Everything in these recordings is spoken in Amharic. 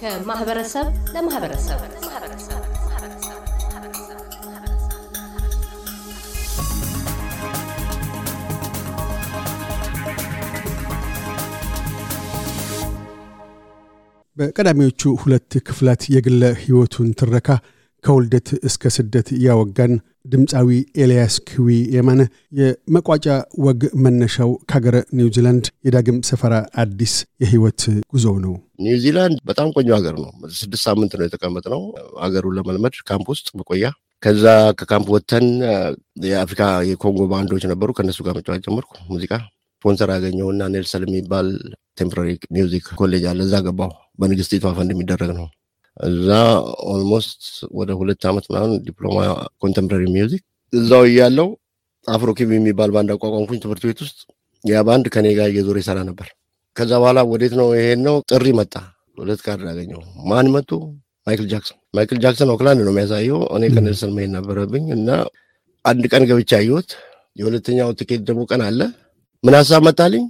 ከማህበረሰብ ለማህበረሰብ በቀዳሚዎቹ ሁለት ክፍላት የግለ ህይወቱን ትረካ ከውልደት እስከ ስደት ያወጋን ድምፃዊ ኤልያስ ክዊ የማነ የመቋጫ ወግ መነሻው ከሀገረ ኒውዚላንድ የዳግም ሰፈራ አዲስ የህይወት ጉዞ ነው። ኒውዚላንድ በጣም ቆንጆ ሀገር ነው። ስድስት ሳምንት ነው የተቀመጥ ነው ሀገሩን ለመልመድ ካምፕ ውስጥ መቆያ። ከዛ ከካምፕ ወተን የአፍሪካ የኮንጎ ባንዶች ነበሩ። ከእነሱ ጋር መጫወት ጀመርኩ። ሙዚቃ ስፖንሰር ያገኘውና ኔልሰን የሚባል ቴምፖራሪ ሚውዚክ ኮሌጅ አለ። እዛ ገባሁ። በንግስቲቷ ፈንድ የሚደረግ ነው እዛ ኦልሞስት ወደ ሁለት ዓመት ምናምን ዲፕሎማ ኮንተምፕራሪ ሚውዚክ እዛው እያለው አፍሮኪቭ የሚባል ባንድ አቋቋምኩኝ ትምህርት ቤት ውስጥ። ያ ባንድ ከኔ ጋር እየዞረ ይሰራ ነበር። ከዛ በኋላ ወዴት ነው ይሄን ነው ጥሪ መጣ። ሁለት ካርድ አገኘው። ማን መጡ? ማይክል ጃክሰን። ማይክል ጃክሰን ኦክላንድ ነው የሚያሳየው። እኔ ከኔልሰን መሄድ ነበረብኝ እና አንድ ቀን ገብቻ አየሁት። የሁለተኛው ትኬት ደግሞ ቀን አለ። ምን ሀሳብ መጣልኝ?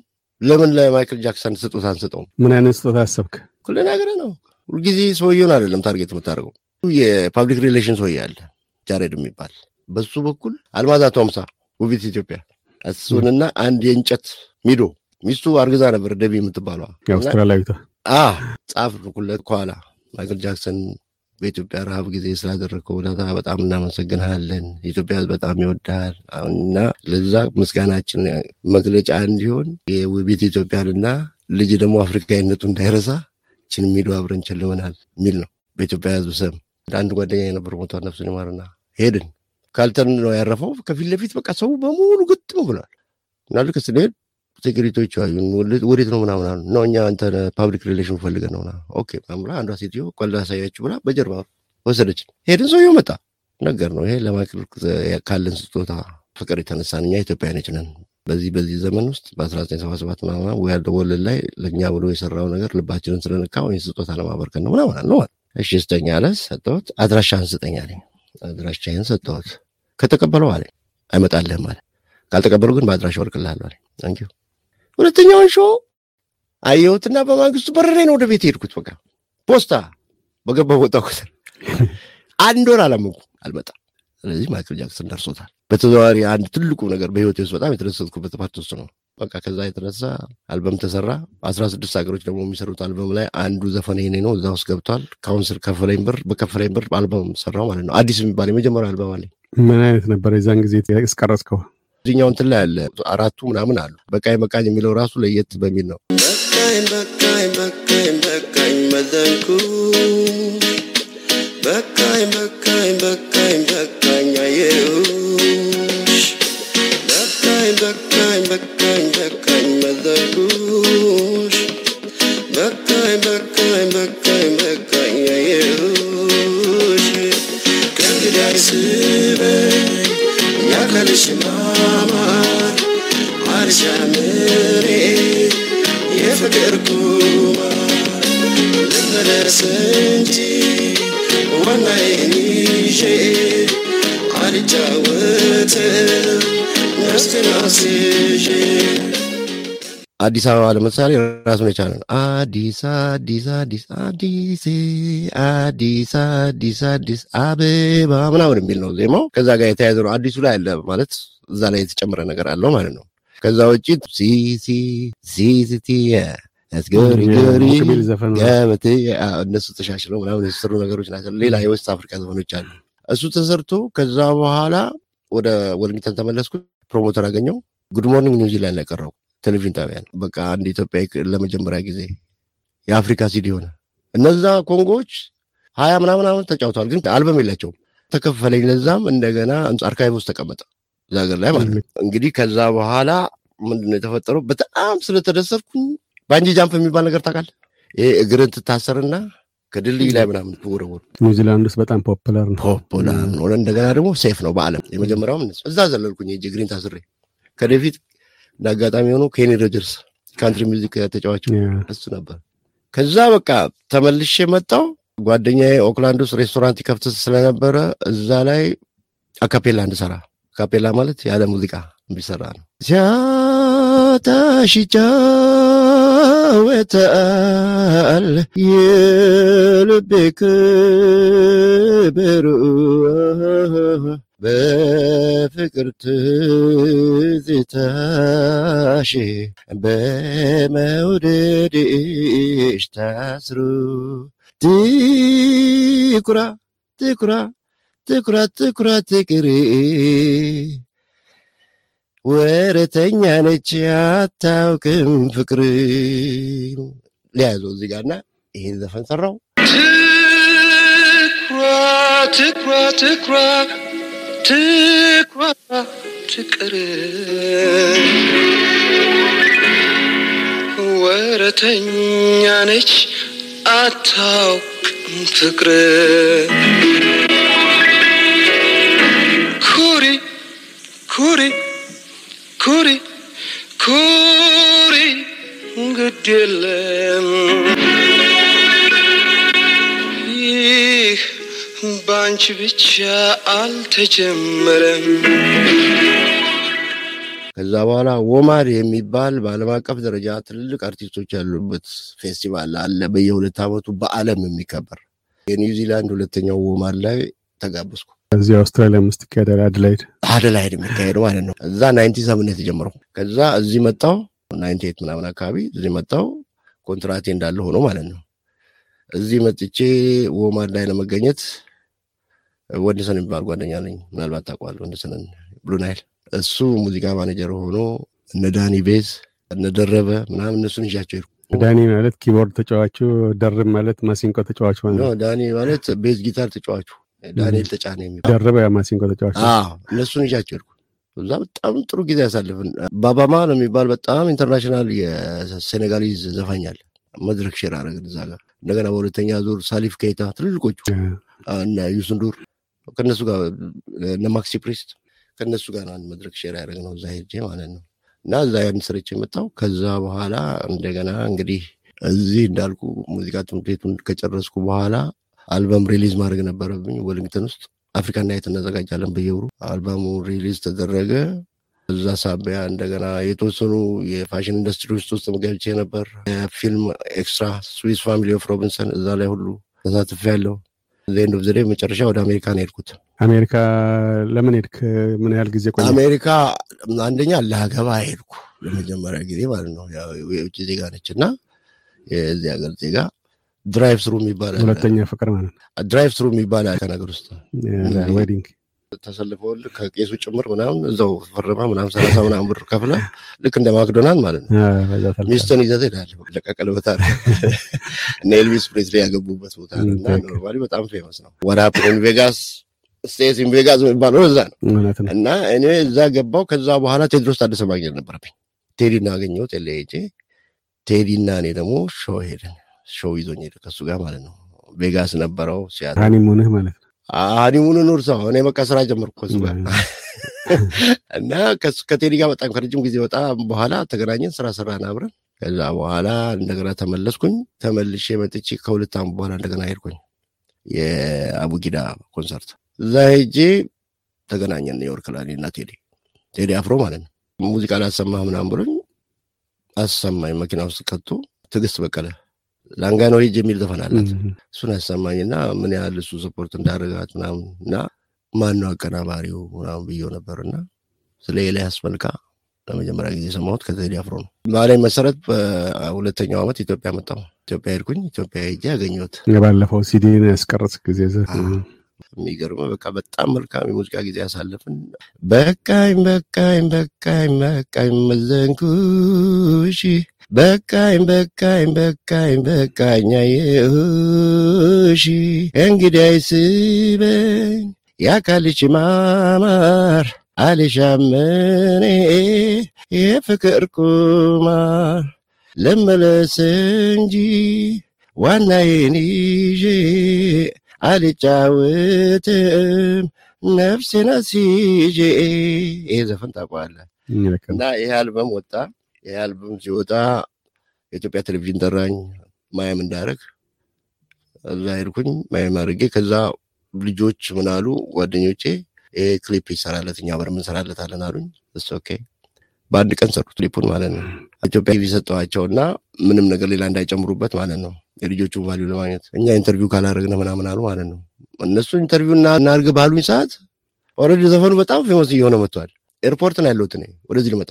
ለምን ለማይክል ጃክሰን ስጡት አንስጠውም? ምን አይነት ስጦታ አሰብክ? ሁሉ ነገር ነው ሁልጊዜ ሰውየውን አይደለም ታርጌት የምታደርገው። የፓብሊክ ሪሌሽን ሰውዬ አለ ጃሬድ የሚባል በሱ በኩል አልማዛ ቶምሳ ውቢት ኢትዮጵያ እሱንና አንድ የእንጨት ሚዶ ሚስቱ አርግዛ ነበር ደቢ የምትባለዋ አውስትራሊያዊቷ ኩለት ከኋላ ማይክል ጃክሰን በኢትዮጵያ ረሃብ ጊዜ ስላደረግከው እርዳታ በጣም እናመሰግናለን። ኢትዮጵያ በጣም ይወዳል እና ለዛ ምስጋናችን መግለጫ እንዲሆን የውቢት ኢትዮጵያንና ልጅ ደግሞ አፍሪካዊነቱ እንዳይረሳ ችን የሚሉ አብረን ችልመናል የሚል ነው በኢትዮጵያ ህዝብ ስም አንድ ጓደኛ የነበር ሞቷ ነፍሱን ይማርና ሄድን ካልተን ነው ያረፈው። ከፊት ለፊት በቃ ሰው በሙሉ ግጥም ብሏል። እና ልክ ስንሄድ ሴኪሪቲዎች አዩን። ወዴት ነው ምናምን አሉ። እኛ አንተ ፓብሊክ ሪሌሽን ፈልገን ነውና ኦኬ ምናምን አንዷ ሴትዮ ቆላ ያሳያችሁ ብላ በጀርባ ወሰደች። ሄድን። ሰውየው መጣ ነገር ነው ይሄ ለማክል ካለን ስጦታ ፍቅር የተነሳን እኛ ኢትዮጵያኖች ነን በዚህ በዚህ ዘመን ውስጥ በ1977 ምናምን ወያደ ወለል ላይ ለእኛ ብሎ የሰራው ነገር ልባችንን ስለነካ ወይ ስጦታ ለማበርከት ነው ምናምን አለ። እሺ ስጠኝ አለ። ሰጠሁት። አድራሻህን ስጠኝ አለኝ። አድራሻህን ሰጠሁት። ከተቀበለው አለ አይመጣልህም አለ። ካልተቀበለው ግን በአድራሻ ወርቅልሃለሁ አለ። ንኪ ሁለተኛውን ሾ አየሁትና በማግስቱ በረሬ ነው ወደ ቤት ሄድኩት። በቃ ፖስታ በገባ ቦታ ቁጥር አንድ ወር አላመንኩም። አልመጣ ስለዚህ ማይክል ጃክሰን ደርሶታል። በተዘዋዋሪ አንድ ትልቁ ነገር በህይወት ውስጥ በጣም የተደሰትኩበት ፓርት ውስጥ ነው። በቃ ከዛ የተነሳ አልበም ተሰራ። አስራ ስድስት ሀገሮች ደግሞ የሚሰሩት አልበም ላይ አንዱ ዘፈን ይሄኔ ነው፣ እዛ ውስጥ ገብቷል። ካውንስል ከፈለኝ ብር በከፈለኝ ብር አልበም ሰራው ማለት ነው። አዲስ የሚባል የመጀመሪያ አልበም አለኝ። ምን አይነት ነበር የዛን ጊዜ ያስቀረጽከው? እዚኛው እንትን ላይ አለ አራቱ ምናምን አሉ። በቃኝ በቃኝ የሚለው ራሱ ለየት በሚል ነው። በቃኝ በቃኝ በቃኝ በቃኝ መዘንኩ በቃኝ the kind. the አዲስ አበባ ለምሳሌ ራሱን የቻለ ነው። አዲስ አዲስ አዲስ አዲስ አዲስ አዲስ አዲስ አበባ ምናምን የሚል ነው ዜማው። ከዛ ጋር የተያያዘ ነው። አዲሱ ላይ አለ ማለት እዛ ላይ የተጨመረ ነገር አለው ማለት ነው። ከዛ ውጭ ሲሲ ሲሲቲ ያስገሪ ገሪ እነሱ ተሻሽለው ምናምን የተሰሩ ነገሮች ናቸው። ሌላ የወስት አፍሪካ ዘፈኖች አሉ። እሱ ተሰርቶ ከዛ በኋላ ወደ ወልሚተን ተመለስኩ። ፕሮሞተር አገኘው። ጉድ ሞርኒንግ ኒውዚላንድ ያቀረው ቴሌቪዥን ጣቢያ ነው። በቃ አንድ ኢትዮጵያ ለመጀመሪያ ጊዜ የአፍሪካ ሲዲ ሆነ። እነዛ ኮንጎዎች ሀያ ምናምን ዓመት ተጫውተዋል፣ ግን አልበም የላቸውም። ተከፈለኝ ለዛም እንደገና አርካይቭ ውስጥ ተቀመጠ እዛ ሀገር ላይ ማለት ነው። እንግዲህ ከዛ በኋላ ምንድነው የተፈጠረው? በጣም ስለተደሰትኩኝ ባንጂ ጃምፕ የሚባል ነገር ታውቃለህ? ይሄ እግርን ትታሰርና ከድልድይ ላይ ምናምን ትወረወሩ። ኒውዚላንድ ውስጥ በጣም ፖፑላር ነው፣ ፖፑላር ነው። እንደገና ደግሞ ሴፍ ነው በዓለም የመጀመሪያውም እዛ ዘለልኩኝ እጅ እግሬን ታስሬ ከደፊት እንደ አጋጣሚ የሆኑ ኬኒ ሮጀርስ ካንትሪ ሚዚክ ተጫዋች እሱ ነበር። ከዛ በቃ ተመልሼ መጣው። ጓደኛዬ ኦክላንድ ውስጥ ሬስቶራንት ይከፍት ስለነበረ እዛ ላይ አካፔላ እንድሰራ አካፔላ ማለት ያለ ሙዚቃ የሚሰራ ነው። ሲያታሽጫወተአል የልቤ ክብር በፍቅር ትዝታሽ በመውደድሽ ታስሩ ትኩራ ትኩራ ትኩራ ትኩራ ትቅሪ ወረተኛ ነች አታውቅም ፍቅር ሊያዞ እዚህ ጋርና ይህን ዘፈን ሰራው ትኩራ ትኩራ ትኩራ ትኩራ ትቅር ወረተኛ ነች አታውቅም ፍቅር ኩሪ ኩሪ ኩሪ ኩሪ ግድ የለም በአንቺ ብቻ አልተጀመረም። ከዛ በኋላ ወማድ የሚባል በዓለም አቀፍ ደረጃ ትልልቅ አርቲስቶች ያሉበት ፌስቲቫል አለ፣ በየሁለት ዓመቱ በዓለም የሚከበር የኒውዚላንድ ሁለተኛው ወማድ ላይ ተጋበዝኩ። እዚህ አውስትራሊያ ውስጥ ይካሄዳል፣ አደላይድ አደላይድ የሚካሄደው ማለት ነው። እዛ ናይንቲ ሰብን የተጀመረው ከዛ እዚህ መጣው ናይንቲ ኤት ምናምን አካባቢ እዚህ መጣው። ኮንትራቴ እንዳለ ሆኖ ማለት ነው። እዚህ መጥቼ ወማድ ላይ ለመገኘት ወንድሰን የሚባል ጓደኛ ነኝ። ምናልባት ታውቀዋለህ ወንድሰንን ብሉናይል እሱ ሙዚቃ ማኔጀር ሆኖ እነ ዳኒ ቤዝ እነ ደረበ ምናምን እነሱን ይዣቸው ሄድኩ ዳኒ ማለት ኪቦርድ ተጫዋቹ ደርብ ማለት ማሲንቆ ተጫዋቹ ዳኒ ማለት ቤዝ ጊታር ተጫዋቹ ዳንኤል ተጫነ የሚባል ደረበ ማሲንቆ ተጫዋቹ እነሱን ይዣቸው ሄድኩ እዛ በጣም ጥሩ ጊዜ ያሳልፍን ባባማ ነው የሚባል በጣም ኢንተርናሽናል የሴኔጋሊዝ ዘፋኛል መድረክ ሼር አረግን እዛ ጋር እንደገና በሁለተኛ ዙር ሳሊፍ ኬታ ትልልቆቹ እና ዩስንዱር ከነሱ ጋር እነ ማክሲ ፕሪስት ከነሱ ጋር አንድ መድረክ ሼር ያደረግ ነው እዛ ሄጄ ማለት ነው እና እዛ ያን ስርች የመጣው ከዛ በኋላ እንደገና እንግዲህ እዚህ እንዳልኩ ሙዚቃ ትምህርት ቤቱን ከጨረስኩ በኋላ አልበም ሪሊዝ ማድረግ ነበረብኝ ወሊንግተን ውስጥ አፍሪካ ናይት እናዘጋጃለን በየወሩ አልበሙ ሪሊዝ ተደረገ እዛ ሳቢያ እንደገና የተወሰኑ የፋሽን ኢንዱስትሪ ውስጥ ውስጥ ገብቼ ነበር የፊልም ኤክስትራ ስዊስ ፋሚሊ ኦፍ ሮቢንሰን እዛ ላይ ሁሉ ያለው ዜንዱ ብዝዴ መጨረሻ ወደ አሜሪካ ነው ሄድኩት። አሜሪካ ለምን ሄድክ? ምን ያህል ጊዜ ቆየህ? አሜሪካ አንደኛ ለአገባ ሄድኩ ለመጀመሪያ ጊዜ ማለት ነው። የውጭ ዜጋ ነች እና የዚህ ሀገር ዜጋ ድራይቭ ስሩ የሚባል ሁለተኛ ፍቅር ማለት ነው። ድራይቭ ስሩ የሚባል ከነገር ውስጥ ዌዲንግ ተሰልፈውል ከቄሱ ጭምር ምናምን እዛው ፈርማ ምናምን ሰላሳ ምናምን ብር ከፍላ ልክ እንደ ማክዶናል ማለት ነው ሚስትን ይዘት ሄዳለ ለቀቀል ቦታ እና ኤልቪስ ፕሬስሊ ያገቡበት ቦታ እና ኖርማሊ በጣም ፌመስ ነው ወራ ኢን ቬጋስ ስቴት ኢን ቬጋስ የሚባለው እዛ ነው እና እኔ እዛ ገባው። ከዛ በኋላ ቴድሮስ ታደሰ ማግኘት ነበረብኝ። ቴዲ ቴዲና አገኘሁት ቴሌጄ ቴዲና እኔ ደግሞ ሾው ሄደን ሾው ይዞኝ ሄደ ከሱ ጋር ማለት ነው። ቬጋስ ነበረው ሲያ ሆንህ ማለት ነው ሀኒሙንን እርሳው እኔ በቃ ስራ ጀመርኩ ከሱ ጋር እና ከቴዲ ጋር በጣም ከረጅም ጊዜ ወጣ በኋላ ተገናኘን፣ ስራ ሰራን አብረን። ከዛ በኋላ እንደገና ተመለስኩኝ። ተመልሼ መጥቼ ከሁለት ዓመት በኋላ እንደገና ሄድኩኝ የአቡጊዳ ኮንሰርት። እዛ ሄጄ ተገናኘን ኒውዮርክ ላይ እና ቴዲ ቴዲ አፍሮ ማለት ነው። ሙዚቃ ላሰማህ ምናምን ብሎኝ አሰማኝ። መኪና ውስጥ ከቶ ትዕግስት በቀለ ላንጋኖ ሂጅ የሚል ዘፈን አላት። እሱን አሰማኝ እና ምን ያህል እሱ ስፖርት እንዳደረጋት ምናምን እና ማነው አቀናባሪው ምናምን ብየው ነበር እና ስለ ኤልያስ ያስመልካ ለመጀመሪያ ጊዜ ሰማሁት ከቴዲ አፍሮ ነው። ባላይ መሰረት በሁለተኛው ዓመት ኢትዮጵያ መጣው ኢትዮጵያ ሄድኩኝ። ኢትዮጵያ ሄጅ ያገኘት የባለፈው ሲዲን ያስቀረጽ ጊዜ የሚገርመ በቃ በጣም መልካም የሙዚቃ ጊዜ ያሳለፍን። በቃኝ በቃኝ በቃኝ በቃኝ መዘንኩሽ በቃኝ በቃኝ በቃኝ በቃኝ አየሁሽ እንግዲያይስ አይስበኝ ያካልች ማማር አልሻምኔ የፍቅር ቁማር ልመለስ እንጂ ዋናዬን ይዤ አልጫወትም ነፍሴን አስይዤ ይሄ ዘፈን ታውቀዋለህ እና ይህ አልበም ወጣ። ይህ አልበም ሲወጣ የኢትዮጵያ ቴሌቪዥን ጠራኝ። ማያም እንዳረግ እዛ ሄድኩኝ። ማያም አድርጌ ከዛ ልጆች ምናሉ ጓደኞቼ ይሄ ክሊፕ ይሰራለት እኛ በር ምንሰራለታለን አሉኝ። እሱ ኦኬ በአንድ ቀን ሰሩት ክሊፑን ማለት ነው። ኢትዮጵያ ቪ ሰጠዋቸው እና ምንም ነገር ሌላ እንዳይጨምሩበት ማለት ነው። የልጆቹ ቫሊዩ ለማግኘት እኛ ኢንተርቪው ካላደረግነ ምናምን አሉ ማለት ነው። እነሱ ኢንተርቪው እናርግ ባሉኝ ሰዓት ኦልሬዲ ዘፈኑ በጣም ፌመስ እየሆነ መጥቷል። ኤርፖርት ኤርፖርትን ያለሁት እኔ ወደዚህ ልመጣ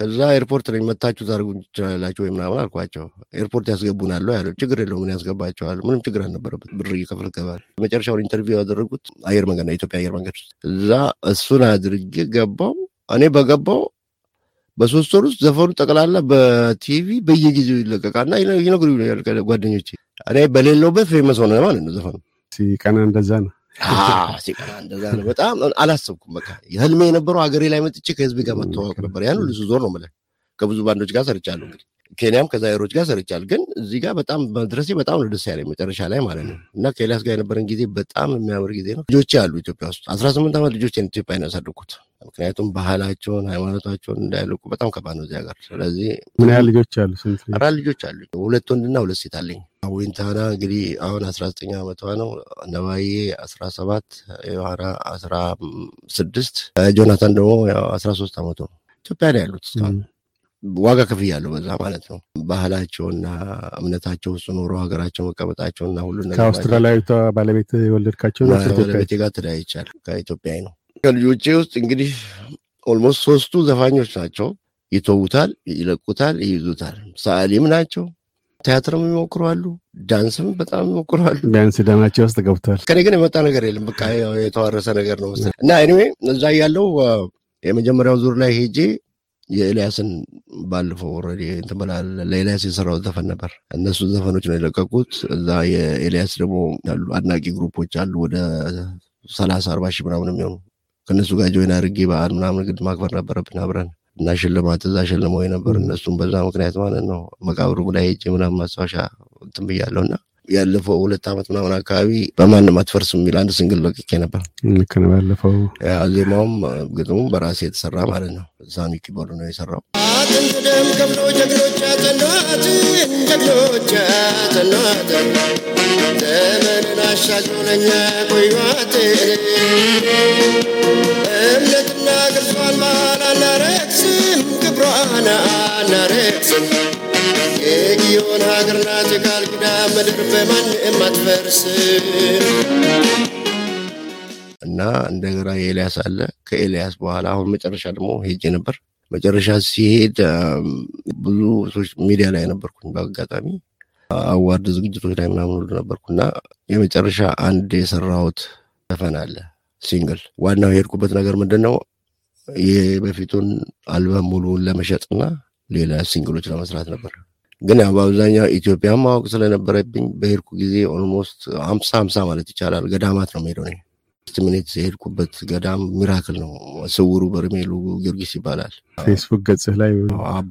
ከዛ ኤርፖርት ነኝ መታችሁ ታደርጉ ትችላላችሁ ወይ ምናምን አልኳቸው። ኤርፖርት ያስገቡናለሁ ያለ ችግር የለው ምን ያስገባቸዋል? ምንም ችግር አልነበረበት። ብር እየከፍል ገባል። መጨረሻውን ኢንተርቪው ያደረጉት አየር መንገድ ነው፣ ኢትዮጵያ አየር መንገድ ውስጥ እዛ እሱን አድርጌ ገባው። እኔ በገባው በሶስት ወር ውስጥ ዘፈኑ ጠቅላላ በቲቪ በየጊዜው ይለቀቃና ይነግሩ ጓደኞች እኔ በሌለውበት ፌመስ ሆነ ማለት ነው ዘፈኑ ሲቀና እንደዛ ነው። ሲቀራ እንደዛ ነው። በጣም አላሰብኩም። በቃ ህልሜ የነበረው ሀገሬ ላይ መጥቼ ከህዝብ ጋር መተዋወቅ ነበር። ያን ሁሉ ዞር ነው የምልህ። ከብዙ ባንዶች ጋር ሰርቻለሁ እንግዲህ ኬንያም ከዛይሮች ጋር ሰርቻል። ግን እዚህ ጋር በጣም መድረሴ በጣም ነው ደስ ያለኝ መጨረሻ ላይ ማለት ነው። እና ከኤልያስ ጋር የነበረን ጊዜ በጣም የሚያምር ጊዜ ነው። ልጆች አሉ ኢትዮጵያ ውስጥ አስራ ስምንት ዓመት ልጆቼን ኢትዮጵያ ነው ያሳደኩት። ምክንያቱም ባህላቸውን ሃይማኖታቸውን እንዳያለቁ በጣም ከባድ ነው እዚያ ጋር። ስለዚህ ምን ያህል ልጆች አሉ? አራት ልጆች አሉ። ሁለት ወንድና ሁለት ሴት አለኝ። ዊንታና እንግዲህ አሁን አስራ ዘጠኝ ዓመቷ ነው። ነባዬ አስራ ሰባት የዋራ አስራ ስድስት ጆናታን ደግሞ አስራ ሶስት ዓመቱ ነው። ኢትዮጵያ ነው ያሉት እስካሁን ዋጋ ክፍያ አለው በዛ ማለት ነው። ባህላቸውና እምነታቸው ውስጥ ኖሮ ሀገራቸው መቀመጣቸውና ሁሉ ከአውስትራሊያዊቷ ባለቤት የወለድካቸው ባለቤት ጋር ተለያይቻለሁ። ከኢትዮጵያዊ ነው። ከልጆቼ ውስጥ እንግዲህ ኦልሞስት ሶስቱ ዘፋኞች ናቸው። ይተዉታል፣ ይለቁታል፣ ይይዙታል። ሰዓሊም ናቸው። ቲያትርም ይሞክሯሉ፣ ዳንስም በጣም ይሞክሯሉ። ቢያንስ ደማቸው ውስጥ ገብቷል። ከኔ ግን የመጣ ነገር የለም። በቃ የተዋረሰ ነገር ነው እና እኔ እዛ ያለው የመጀመሪያው ዙር ላይ ሄጄ የኤልያስን ባለፈው ኦልሬዲ እንትን ለኤልያስ የሰራው ዘፈን ነበር። እነሱ ዘፈኖች ነው የለቀቁት። እዛ የኤልያስ ደግሞ ያሉ አድናቂ ግሩፖች አሉ ወደ ሰላሳ አርባ ሺህ ምናምን የሚሆኑ ከእነሱ ጋር ጆይን አድርጌ በዓል ምናምን ግድ ማክበር ነበረብን አብረን እና ሽልማት እዛ ሸልመው ነበር። እነሱም በዛ ምክንያት ማለት ነው መቃብሩ ላይ ሄጄ ምናምን ማስታወሻ እንትን ብያለሁ እና ያለፈው ሁለት ዓመት ምናምን አካባቢ በማንም አትፈርስም የሚል አንድ ስንግል ለቅቄ ነበር። ልክ ነው። ያለፈው ዜማውም ግጥሙም በራሴ የተሰራ ማለት ነው። እዛኑ ኪቦርድ ነው የሰራው። አጥንት ደም ከፍሎ ጀግኖች ጀግኖች ዘመንን ቆዩት እምነትና ቅርሷን መሃል አናረክስም፣ ክብሯን አናረክስም የጊዮን ሀገር ናት። ምድር በማንም አትፈርስም። እና እንደገና የኤልያስ አለ። ከኤልያስ በኋላ አሁን መጨረሻ ደግሞ ሄጄ ነበር። መጨረሻ ሲሄድ ብዙ ሰዎች ሚዲያ ላይ ነበርኩኝ። በአጋጣሚ አዋርድ ዝግጅቶች ላይ ምናምን ሁሉ ነበርኩ እና የመጨረሻ አንድ የሰራሁት ዘፈን አለ ሲንግል። ዋናው የሄድኩበት ነገር ምንድን ነው የበፊቱን አልበም ሙሉውን ለመሸጥና ሌላ ሲንግሎች ለመስራት ነበር። ግን ያው በአብዛኛው ኢትዮጵያ ማወቅ ስለነበረብኝ በሄድኩ ጊዜ ኦልሞስት አምሳ አምሳ ማለት ይቻላል ገዳማት ነው ሄደው ነኝ ስት ሚኒት የሄድኩበት ገዳም ሚራክል ነው። ስውሩ በርሜሉ ጊዮርጊስ ይባላል። ፌስቡክ ገጽህ ላይ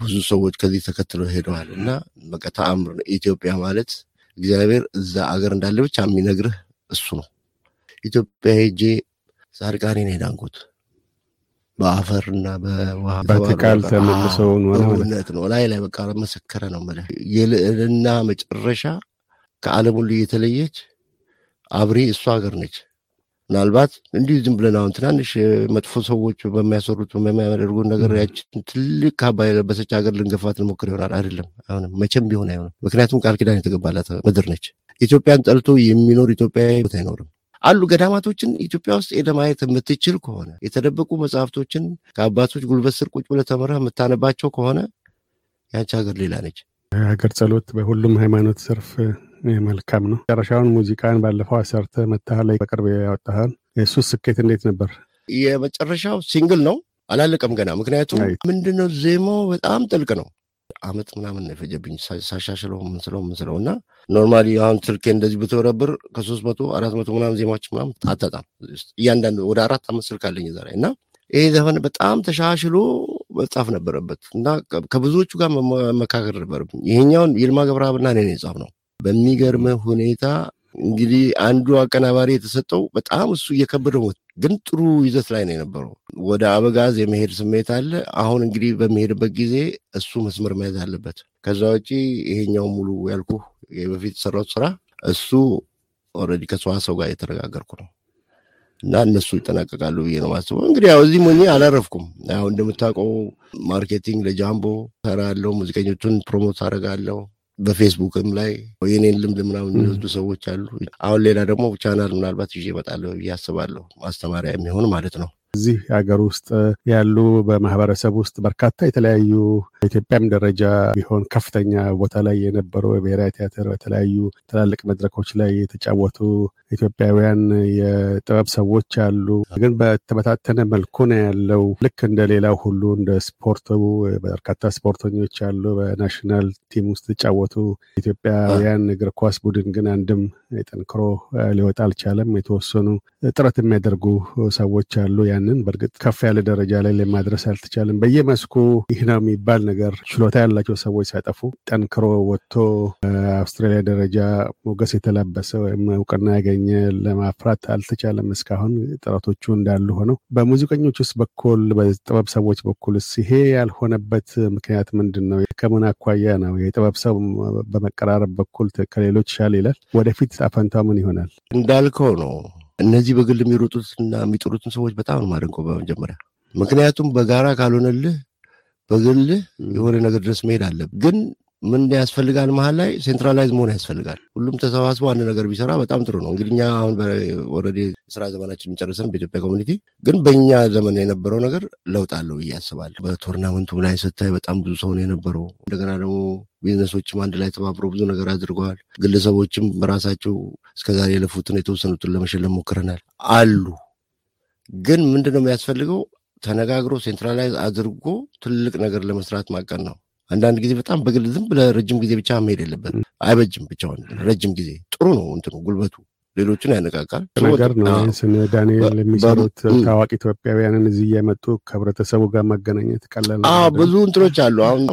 ብዙ ሰዎች ከዚህ ተከትለው ሄደዋል እና በቃ ተአምር ነው። ኢትዮጵያ ማለት እግዚአብሔር እዛ አገር እንዳለ ብቻ የሚነግርህ እሱ ነው። ኢትዮጵያ ሄጄ ነው ሄዳንኩት በአፈርና በውሃ በትቃል ተመልሰው እውነት ነው። ላይ ላይ በቃ መሰከረ ነው የምልህ የልዕልና መጨረሻ ከዓለም ሁሉ እየተለየች አብሪ እሷ ሀገር ነች። ምናልባት እንዲህ ዝም ብለን አሁን ትናንሽ መጥፎ ሰዎች በሚያሰሩት በሚያደርጉት ነገር ያችን ትልቅ ካባ የለበሰች ሀገር ልንገፋት እንሞክር ይሆናል። አይደለም አይሆንም፣ መቼም ቢሆን አይሆንም። ምክንያቱም ቃል ኪዳን የተገባላት ምድር ነች። ኢትዮጵያን ጠልቶ የሚኖር ኢትዮጵያዊ አይኖርም። አሉ ገዳማቶችን ኢትዮጵያ ውስጥ ሄደህ ማየት የምትችል ከሆነ የተደበቁ መጽሐፍቶችን ከአባቶች ጉልበት ስር ቁጭ ብለህ ተምረህ የምታነባቸው ከሆነ ያንቺ ሀገር ሌላ ነች። ሀገር ጸሎት በሁሉም ሃይማኖት ዘርፍ መልካም ነው። መጨረሻውን ሙዚቃን ባለፈው አሰርተ መታ ላይ በቅርብ ያወጣህን የሱስ ስኬት እንዴት ነበር? የመጨረሻው ሲንግል ነው አላለቀም ገና። ምክንያቱም ምንድነው ዜማው በጣም ጥልቅ ነው። አመት ምናምን የፈጀብኝ ሳሻሽለው ምንስለው ምንስለው እና ኖርማሊ አሁን ስልኬ እንደዚህ ብትበረብር ከሶስት መቶ አራት መቶ ምናምን ዜማዎች ምናምን አታጣም። እያንዳንዱ ወደ አራት አመት ስልክ አለኝ እዛ ላይ እና ይሄ ዘፈን በጣም ተሻሽሎ መጻፍ ነበረበት እና ከብዙዎቹ ጋር መካከል ነበረብኝ። ይሄኛውን ይልማ ገብረአብና እኔ ነው የጻፍ ነው። በሚገርም ሁኔታ እንግዲህ አንዱ አቀናባሪ የተሰጠው በጣም እሱ ሞት ግን ጥሩ ይዘት ላይ ነው የነበረው። ወደ አበጋዝ የመሄድ ስሜት አለ። አሁን እንግዲህ በሚሄድበት ጊዜ እሱ መስመር መያዝ አለበት። ከዛ ውጪ ይሄኛው ሙሉ ያልኩ በፊት የሰራሁት ስራ እሱ ኦልሬዲ ከሰዋሰው ጋር የተነጋገርኩ ነው እና እነሱ ይጠናቀቃሉ ብዬ ነው ማስበው። እንግዲህ ያው እዚህ ሞኜ አላረፍኩም። ያው እንደምታውቀው ማርኬቲንግ ለጃምቦ ሰራለው፣ ሙዚቀኞቹን ፕሮሞት አደርጋለሁ በፌስቡክም ላይ የኔን ልምድ ምናምን የሚወስዱ ሰዎች አሉ። አሁን ሌላ ደግሞ ቻናል ምናልባት ይዤ እመጣለሁ ብዬ አስባለሁ፣ ማስተማሪያ የሚሆን ማለት ነው። እዚህ ሀገር ውስጥ ያሉ በማህበረሰብ ውስጥ በርካታ የተለያዩ ኢትዮጵያም ደረጃ ቢሆን ከፍተኛ ቦታ ላይ የነበሩ የብሔራዊ ቲያትር በተለያዩ ትላልቅ መድረኮች ላይ የተጫወቱ ኢትዮጵያውያን የጥበብ ሰዎች አሉ። ግን በተበታተነ መልኩ ነው ያለው። ልክ እንደ ሌላው ሁሉ እንደ ስፖርቱ በርካታ ስፖርተኞች አሉ። በናሽናል ቲም ውስጥ የተጫወቱ ኢትዮጵያውያን እግር ኳስ ቡድን ግን አንድም ጠንክሮ ሊወጣ አልቻለም። የተወሰኑ ጥረት የሚያደርጉ ሰዎች አሉ። ያንን በእርግጥ ከፍ ያለ ደረጃ ላይ ለማድረስ አልተቻለም። በየመስኩ ይህ ነው የሚባል ነገር ችሎታ ያላቸው ሰዎች ሲያጠፉ ጠንክሮ ወጥቶ አውስትራሊያ ደረጃ ሞገስ የተላበሰ ወይም እውቅና ያገኘ ለማፍራት አልተቻለም። እስካሁን ጥረቶቹ እንዳሉ ሆነው በሙዚቀኞች ውስጥ በኩል በጥበብ ሰዎች በኩልስ ይሄ ያልሆነበት ምክንያት ምንድን ነው? ከምን አኳያ ነው? የጥበብ ሰው በመቀራረብ በኩል ከሌሎች ይሻል ይላል። ወደፊት አፈንታ ምን ይሆናል? እንዳልከው ነው። እነዚህ በግል የሚሮጡትና የሚጥሩትን ሰዎች በጣም ነው ማደንቆ በመጀመሪያ ምክንያቱም በጋራ ካልሆነልህ በግል የሆነ ነገር ድረስ መሄድ አለ ግን ምን ያስፈልጋል? መሀል ላይ ሴንትራላይዝ መሆን ያስፈልጋል። ሁሉም ተሰባስቦ አንድ ነገር ቢሰራ በጣም ጥሩ ነው። እንግዲህ እኛ አሁን ወረዴ ስራ ዘመናችን የሚጨርሰን በኢትዮጵያ ኮሚኒቲ ግን በእኛ ዘመን የነበረው ነገር ለውጥ አለው ብዬ አስባለሁ። በቶርናመንቱ ላይ ስታይ በጣም ብዙ ሰው ነው የነበረው። እንደገና ደግሞ ቢዝነሶችም አንድ ላይ ተባብሮ ብዙ ነገር አድርገዋል። ግለሰቦችም በራሳቸው እስከዛሬ የለፉትን የተወሰኑትን ለመሸለም ሞክረናል አሉ። ግን ምንድነው የሚያስፈልገው? ተነጋግሮ ሴንትራላይዝ አድርጎ ትልቅ ነገር ለመስራት ማቀን ነው። አንዳንድ ጊዜ በጣም በግል ዝም ብለህ ረጅም ጊዜ ብቻ መሄድ የለበትም። አይበጅም። ብቻውን ረጅም ጊዜ ጥሩ ነው እንትኑ ጉልበቱ ሌሎችን ያነቃቃል ነገር ነው። ስነ ዳንኤል የሚሰሩት ታዋቂ ኢትዮጵያውያንን እዚህ እያመጡ ከህብረተሰቡ ጋር ማገናኘት ቀለል ብዙ እንትኖች አሉ አሁን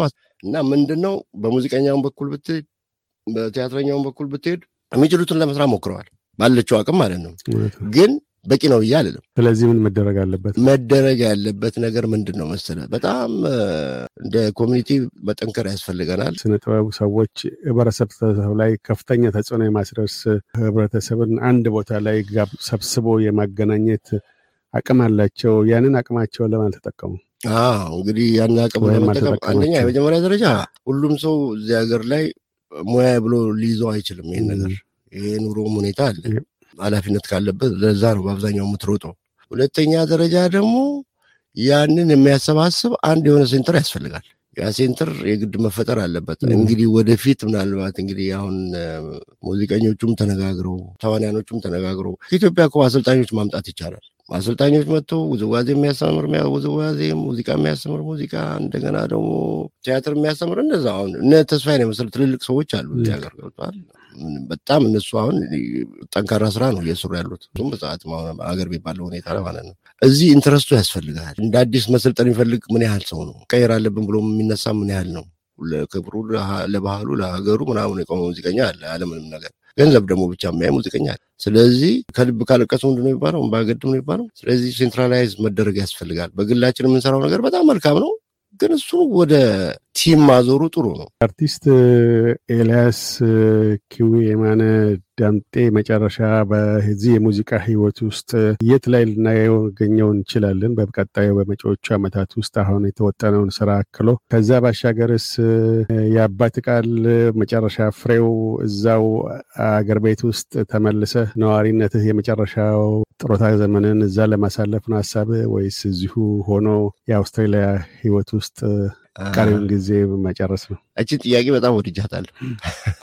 እና ምንድን ነው በሙዚቀኛውን በኩል ብትሄድ፣ በቲያትረኛውን በኩል ብትሄድ የሚችሉትን ለመስራት ሞክረዋል ባለችው አቅም ማለት ነው ግን በቂ ነው ብዬ አልልም። ስለዚህ ምን መደረግ አለበት? መደረግ ያለበት ነገር ምንድን ነው መሰለህ፣ በጣም እንደ ኮሚኒቲ መጠንከር ያስፈልገናል። ስነ ሰዎች ህብረተሰብ ላይ ከፍተኛ ተጽዕኖ የማስደርስ ህብረተሰብን አንድ ቦታ ላይ ሰብስቦ የማገናኘት አቅም አላቸው። ያንን አቅማቸውን ለምን አልተጠቀሙ? እንግዲህ ያን አቅም ለመጠቀም አንደኛ የመጀመሪያ ደረጃ ሁሉም ሰው እዚህ ሀገር ላይ ሙያ ብሎ ሊይዘው አይችልም። ይህን ነገር ይህ ኑሮም ሁኔታ አለ ኃላፊነት ካለበት ለዛ ነው በአብዛኛው የምትሮጠው። ሁለተኛ ደረጃ ደግሞ ያንን የሚያሰባስብ አንድ የሆነ ሴንተር ያስፈልጋል። ያ ሴንተር የግድ መፈጠር አለበት። እንግዲህ ወደፊት ምናልባት እንግዲህ አሁን ሙዚቀኞቹም ተነጋግረው ተዋንያኖቹም ተነጋግረው ከኢትዮጵያ እኮ አሰልጣኞች ማምጣት ይቻላል። አሰልጣኞች መጥቶ ውዝዋዜ የሚያስተምር ውዝዋዜ፣ ሙዚቃ የሚያስተምር ሙዚቃ፣ እንደገና ደግሞ ቲያትር የሚያስተምር እንደዛ። አሁን እነ ተስፋዬን የመሰሉ ትልልቅ ሰዎች አሉ እዚህ ሀገር ገብቷል። በጣም እነሱ አሁን ጠንካራ ስራ ነው እየሰሩ ያሉት ም በሰዓት አገር ቤት ባለው ሁኔታ ማለት ነው። እዚህ ኢንትረስቱ ያስፈልጋል። እንደ አዲስ መሰልጠን የሚፈልግ ምን ያህል ሰው ነው? ቀየር አለብን ብሎ የሚነሳ ምን ያህል ነው? ለክብሩ፣ ለባህሉ፣ ለሀገሩ ምናምን የቆመ ሙዚቀኛ አለ አለምንም ነገር ገንዘብ ደግሞ ብቻ የሚያይ ሙዚቀኛ አለ። ስለዚህ ከልብ ካለቀሰው ምንድን ነው የሚባለው? እምባ ነው የሚባለው። ስለዚህ ሴንትራላይዝ መደረግ ያስፈልጋል። በግላችን የምንሰራው ነገር በጣም መልካም ነው፣ ግን እሱ ወደ ቲም ማዞሩ ጥሩ ነው። አርቲስት ኤልያስ ኪዊ የማነ ዳምጤ መጨረሻ በዚህ የሙዚቃ ህይወት ውስጥ የት ላይ ልናየው ገኘው እንችላለን? በቀጣዩ በመጪዎቹ አመታት ውስጥ አሁን የተወጠነውን ስራ አክሎ ከዛ ባሻገርስ የአባት ቃል መጨረሻ ፍሬው እዛው አገር ቤት ውስጥ ተመልሰ ነዋሪነትህ የመጨረሻው ጥሮታ ዘመንን እዛ ለማሳለፍ ነው ሀሳብ ወይስ እዚሁ ሆኖ የአውስትራሊያ ህይወት ውስጥ ቀሪውን ጊዜ መጨረስ ነው። እችን ጥያቄ በጣም ወድጃታለሁ።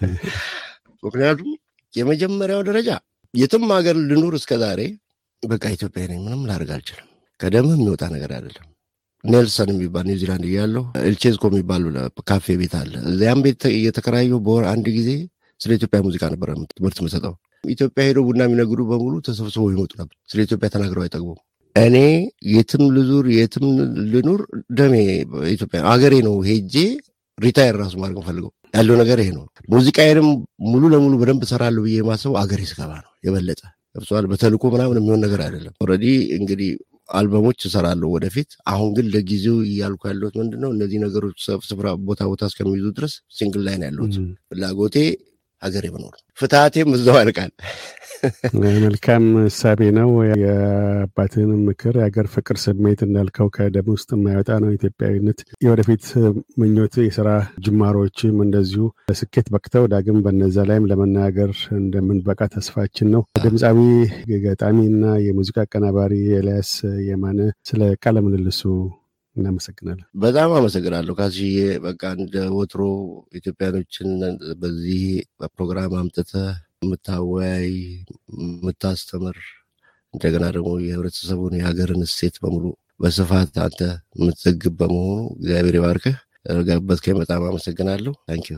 ምክንያቱም የመጀመሪያው ደረጃ የትም ሀገር ልኑር እስከ ዛሬ በቃ ኢትዮጵያ ነኝ፣ ምንም ላደርግ አልችልም። ከደምህ የሚወጣ ነገር አይደለም። ኔልሰን የሚባል ኒውዚላንድ እያለሁ ኤልቼዝኮ የሚባሉ ካፌ ቤት አለ። እዚያም ቤት እየተከራየሁ በወር አንድ ጊዜ ስለ ኢትዮጵያ ሙዚቃ ነበረ ትምህርት የምሰጠው። ኢትዮጵያ ሄደው ቡና የሚነግዱ በሙሉ ተሰብስበው ይመጡ ነበር። ስለ ኢትዮጵያ ተናግረው አይጠግቡም። እኔ የትም ልዙር የትም ልኑር ደሜ ኢትዮጵያ ሀገሬ ነው። ሄጄ ሪታይር ራሱ ማድረግ ፈልገው ያለው ነገር ይሄ ነው። ሙዚቃዬንም ሙሉ ለሙሉ በደንብ ሰራለሁ ብዬ የማስበው አገሬ ስገባ ነው የበለጠ እርሷል በተልኮ ምናምን የሚሆን ነገር አይደለም። ኦልሬዲ እንግዲህ አልበሞች እሰራለሁ ወደፊት። አሁን ግን ለጊዜው እያልኩ ያለሁት ምንድነው እነዚህ ነገሮች ስፍራ ቦታ ቦታ እስከሚይዙ ድረስ ሲንግል ላይ ነው ያለሁት። ፍላጎቴ ሀገር የመኖር ፍትሀቴም እዛው ያልቃል። መልካም እሳቤ ነው። የአባትን ምክር የሀገር ፍቅር ስሜት እንዳልከው ከደም ውስጥ የማይወጣ ነው። ኢትዮጵያዊነት የወደፊት ምኞት፣ የስራ ጅማሮችም እንደዚሁ ለስኬት በቅተው ዳግም በነዛ ላይም ለመናገር እንደምንበቃ ተስፋችን ነው። ድምፃዊ ገጣሚ እና የሙዚቃ አቀናባሪ ኤልያስ የማነ ስለ ቃለ ምልልሱ እናመሰግናለን። በጣም አመሰግናለሁ ካስዬ። በቃ እንደ ወትሮ ኢትዮጵያኖችን በዚህ ፕሮግራም አምጥተ የምታወያይ የምታስተምር፣ እንደገና ደግሞ የህብረተሰቡን የሀገርን እሴት በሙሉ በስፋት አንተ የምትዘግብ በመሆኑ እግዚአብሔር ይባርክህ። ረጋበት በጣም አመሰግናለሁ። ታንኪዩ